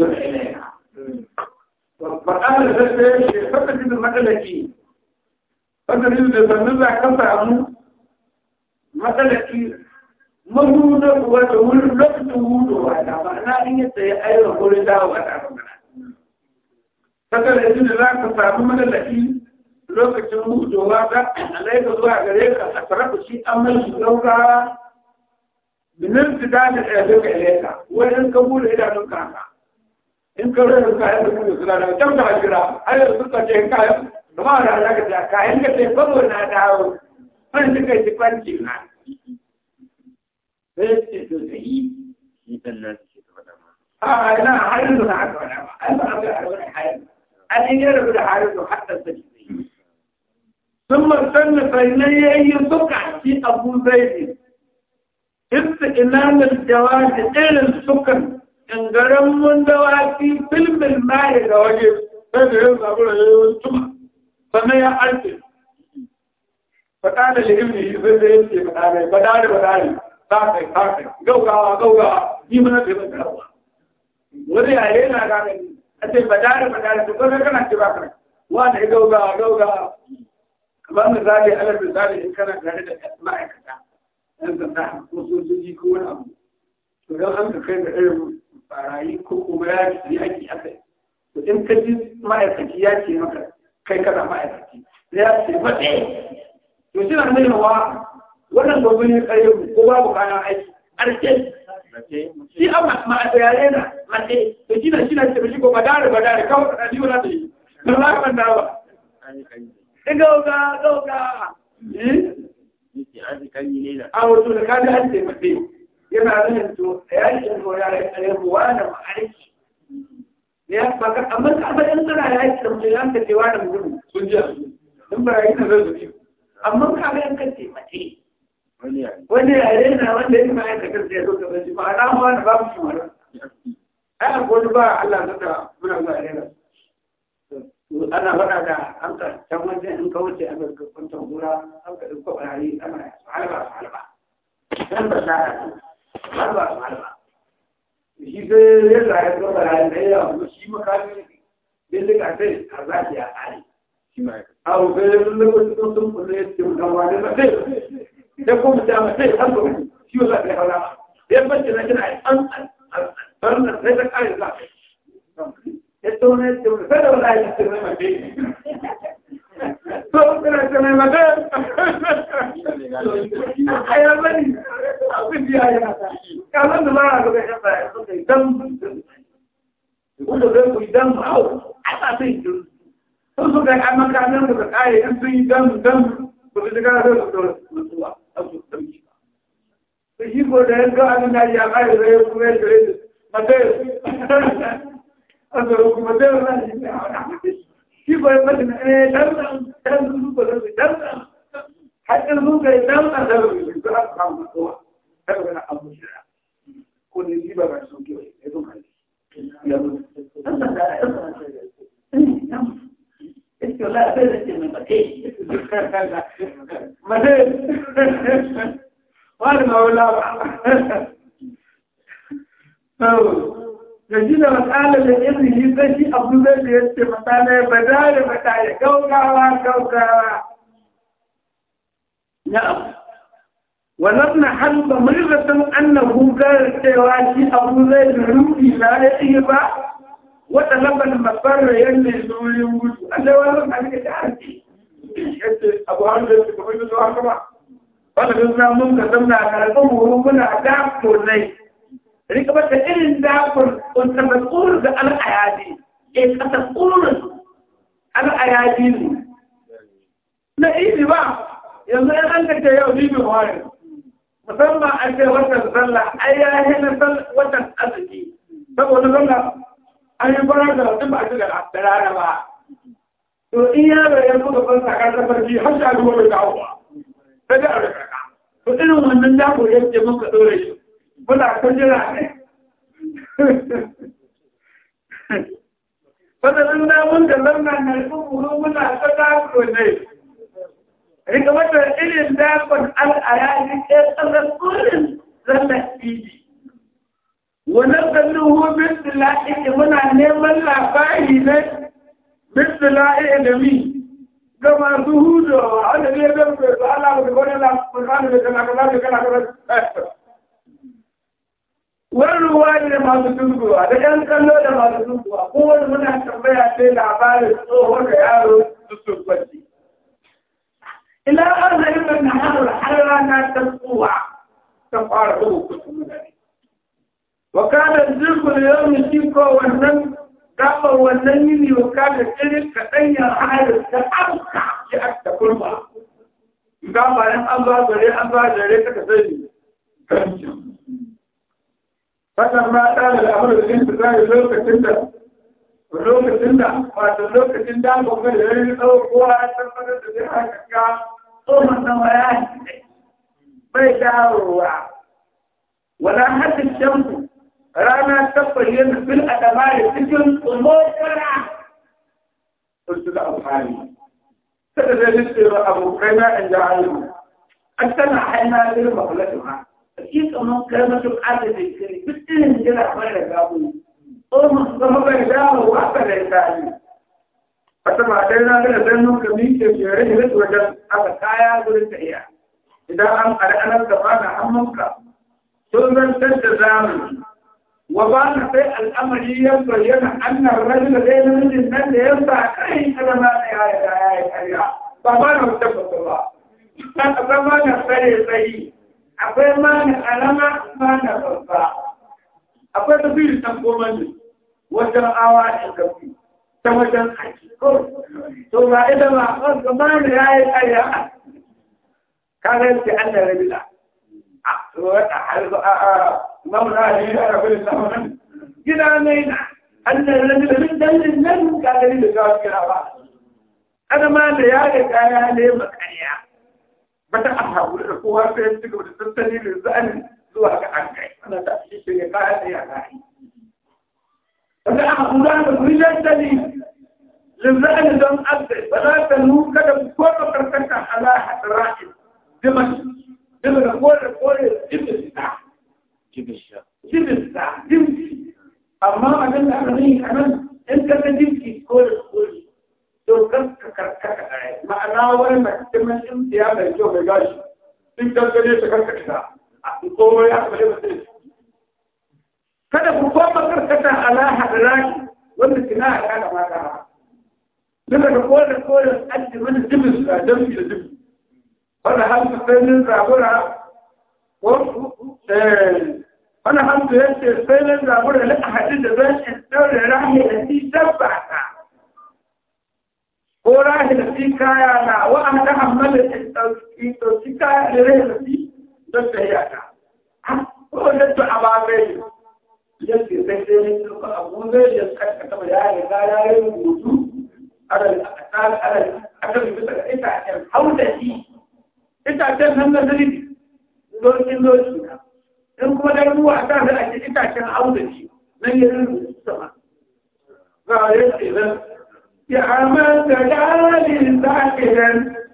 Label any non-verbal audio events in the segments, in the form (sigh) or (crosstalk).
يحدون إليها فقال الشيخ فتجد مدلكي فتجد بسم الله كفر مدلكي مدونة وتقول لك تقول وهذا معناه إن يتأيّر كل ده وهذا فقال الذين لا كفر مدلكي lokacin hudowa ga alaika zuwa gare ka a sarrafa shi an mai shi dauka binin su da da ɗaya duka ilaika wani in ka bude idanun kanka ان ان ان ان ان ان ان ان ان ان ان ان ان ان ان ان ثم ان فإنه أي سكع في أبو زيد إذ إمام الجواد إلى السكر dangaren mun dawaki filmin maye da waje sai da yin zaɓi rayuwar tuma sannan ya arce faɗa da lihimni zai da yake faɗa mai faɗa da faɗa ne ta kai ta kai gaugawa gaugawa ni mana kai ban garawa wani yare na gagani a ce faɗa da faɗa ne to kuma kana ce ba kai wanda ya gaugawa gaugawa kamar misali alal misali in kana tare da ma'aikata yan sanda ko sojoji ko wani abu to don an ka kai da irin barayi ko kuma ya yi aiki aka yi to in ka ji ma'aikaci ya ce maka kai kana ma'aikaci da ya ce faɗe to shi na wa wannan domin ya kare mu ko babu kayan aiki arke shi a ma'aikaya na mace to shi na shi na ce shi ko ba dare kawai da jiwa na ta yi ba za ka manta ba ɗigauga ɗauga yi? Yake an shi kan yi ne da. A wato da kaji an ce mace yana nuna to yakin ko ya yi tsare ko wani ma'aiki ya baka amma ka ba in kana yaki da mutum yanka ce wani mutum sun ji in ba yi na zazzabi amma ka ga ka ce mace wani yare na wanda ya ma yanka kan ya zo ka bashi A na wani ba mu shimara ai a gode ba Allah na da muna zuwa rera ana faɗa da an ka can wajen in ka wuce an ka kwanta gura an ka ɗauko ɓarari ana halba halba dan ba har ba su halba shi sai ya zaya ga yadda ya yi shi makami da ka sai a za a kare a wuce ya zun wasu sun kulle ya ce mutan wani ba sai ya kuma ta ma sai har ba shi ba za ka yi haura ya bace na kina yi an an sai ta kare za yi ya tona ya ce mutan sai da wani ya ce mutanen ba su kare in sun yi ba su shiga da su da mutuwa a su dauki ba su shi ko da yanzu abin na ya kare da ya kuma ya shirye da matsayi a tsoro kuma zai rana shi ne shi ko ya mace na dan dan dan su ba su dan dan haƙƙin su ga dan dan da su su a samu mutuwa kada wani abu shi da ko ne shi ba ba su ke ya zo kai ya dan dan انت ولا قدرت من بقيه مثل وانا مولا Gajina matsalar da ya zuhi zai abu zai da yace matsala ya bada da bata ya gaugawa gaugawa. Na'am. Wannan na harba mulkatan annahu gara cewa shi abu zai da rufi na ya iya ba wata laban mafarra yanne zoyin gudu Allah wani laban da ta arki yace abu har da su kuma zuwa kuma wanda sun san mun ka zamna a karatun horon muna a dafo nai rika mata irin dafon kun tabbatur da al'ayadi ke kasa tsoron al'ayadi ne na iri ba yanzu ya an ka yau ni bi wani musamman a ce wata sallah ai ya hina sallah an yi da mutum ba shi da rana ba to in yaro ya buga fansa kan tafarki har shi a duwa mai dawowa sai da aure to irin wannan dako ya ce muka ɗore shi muna ta jira ne (laughs) Fadalan mun da lamna na rufin muna ta dako ne annabi kana kaza kana kaza wani ruwa ne masu turguwa da ɗan kallo da masu turguwa kowane muna tambaya sai labarin tsohon da yaro su turgwaci ila an zai mai na harar har rana ta tsuwa ta fara ɗogo kusa mutane wakalar zirkul yau mu shi ko wannan gabar wannan yini wakalar irin kaɗanyar harar ta amsa ya aka kurma ga bayan an ba gare an ba gare ta ka sai kancin Fatar ma ɗan da amur da yin tsari lokacin da lokacin da wato lokacin da ba ga yayin tsawo kowa ya tabbatar da zai haka ga tsohon nan waya bai dawowa wala hadin shamsu rana ta bayyana fil adama cikin tsumokara. Kultu da alhali. sai da zai ce ba abokai na in da ayyuka an tana haina irin makulatuwa hakika mun kai mutum adadin kiri duk irin jira mai da gabo ko mun zama bai dawo wa ka da ita ne wata ba dai na ga dan nun ka miƙe ke rage rage wajen aka kaya gurin ta iya idan an ƙarƙarar da ba na hannunka sun zan tattar zamani وبعد في الأمر يبقى أن الرجل غير من الناس يبقى أي كلمة نهاية آية آية فما نتفق الله فما نفري سيء أقول ما نعلم ما نفرق أقول تبيل تنقومني وجرعوا الكبير توجن أشكر ثم إذا ما أخذ ما نهاية آية كانت أن رجلا مولاي لا يقول لهم كده مين أن الرجل من دل من قال لي بجواب كده أنا ما لي هذا كايا لي مكانيا بتأهل القوة في يدك وتستني للزعل zuwa ga an kai ana ta shi shi ka ya tsaya ka yi wanda aka kula da rijal dali lizani don abdai ba za ta nuka da ko ka karkata ala hadra'i dimashi Saboda kore kore jibista, jibista, jibista, jibci. Amma abin da aka nuni a nan, in ka ga jibci kore kore, to kan ka karkata ɗaya. Ma'ana wannan kiman tsintiya mai kyau mai gashi, in ka gane ta karkata a komai ya kamar yadda Kada ku koma karkata ala hadaraki wanda kina a kada mata. Saboda kore kore an ji wani jibista, jamfi da jibista. فانا حمد فين انزع برعة فانا حمد فين انزع برعة لا حديد باش الدول رحمي لسي سبع ساعة وراه لسي كايا نا وانا حمد التوسكيت وسي كايا لريه لسي دفع يا نا وقلت عبابين يسكي فين انزع برعة يسكي فين انزع برعة يسكي فين انزع برعة nan da zurfi dokin doki na in kuma da ruwa ta da ake itacen auduki nan ya rinsu sama ga yadda يعمل جلال ساكنا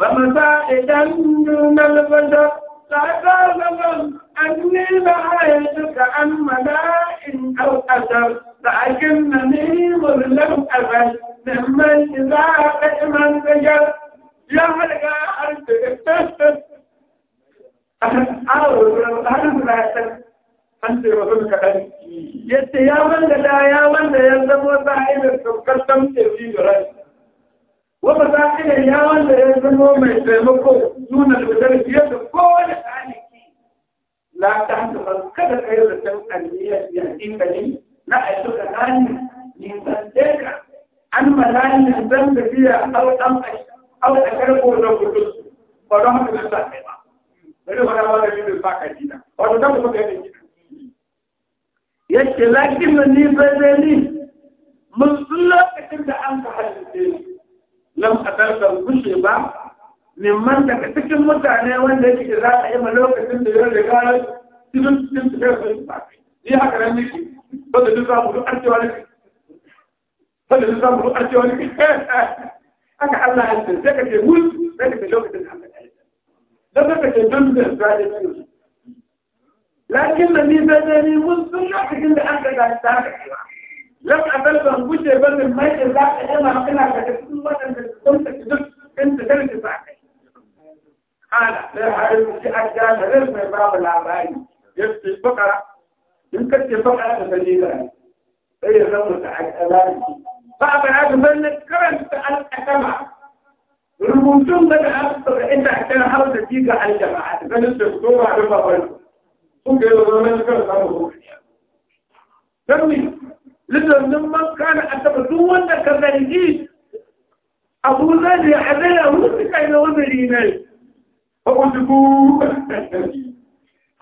ومسائدا دون البشر لا تعلم أني رأيتك عن ملاء أو أثر لكنني مظلم أبد ممن إذا قدم الرجل يهرع أرضك ana wajen hannun na yasan an ce wasu kaɗan yadda ya wanda da ya wanda ya zama sa'ilin saukar tamce fi da rai wata sa'ilin ya wanda ya zama mai taimako nuna lura fiye da kowane sa'iliki la ta hanzu kada kai da san aniyar ya hankali na ayyuka hannun nisan teka an malayin zan tafiya au ɗan au da karko da kudus ba don haka da sa'ilin bari wani malami mai ba kadina wato dan mu ga yanayi yake lakin ni bazani mun lokacin da an ka halitta lam adal ban gushe ba mimman daga cikin mutane wanda yake za a yi ma lokacin da ya riga cikin cikin cikin ba ni haka nan nake ba da duk zamu duk arcewa ne ba da duk zamu duk arcewa ne haka Allah ya ce sai ka ce mun sai ka lokacin da لذلك تجمد بعد لكن الذي بدني منذ لحد اللي أنت قاعد تعرف لم أبلغ وجه بدل ما يلا أنا أقنع كتبت الله أن كنت كذبت كنت كنت بعدين أنا لا أعرف شيء أجعل غير من باب العبائد يفتي بقرة يمكن تبقى تفجيرها أي على عجلان بعض العالم من كرمت أن أتمع الموجود لنا أكثر إن بين حرس الدين على الجماعة بين الدكتور على الفضل ممكن لو ما نكمل هذا هو تمني لذا لما كان أتبع دون كمالجيس أبو الله يحذر أبوك كأن هو مريني أقول لكم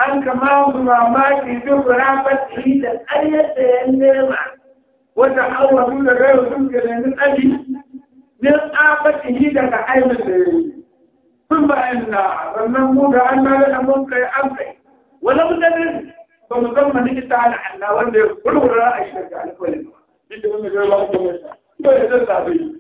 أن كما أظن أعمال يجب رابة حيدا أي سيلمع وتحول دون غير دون كلام الأجيس من أعبت حيدا كحيدا ثم أن لم نمود أن لنا منكر أمر ولم ندر فمضم نجد تعالى عنا وأن يقولوا رأي شرك على كل ما يجب أن يقولوا الله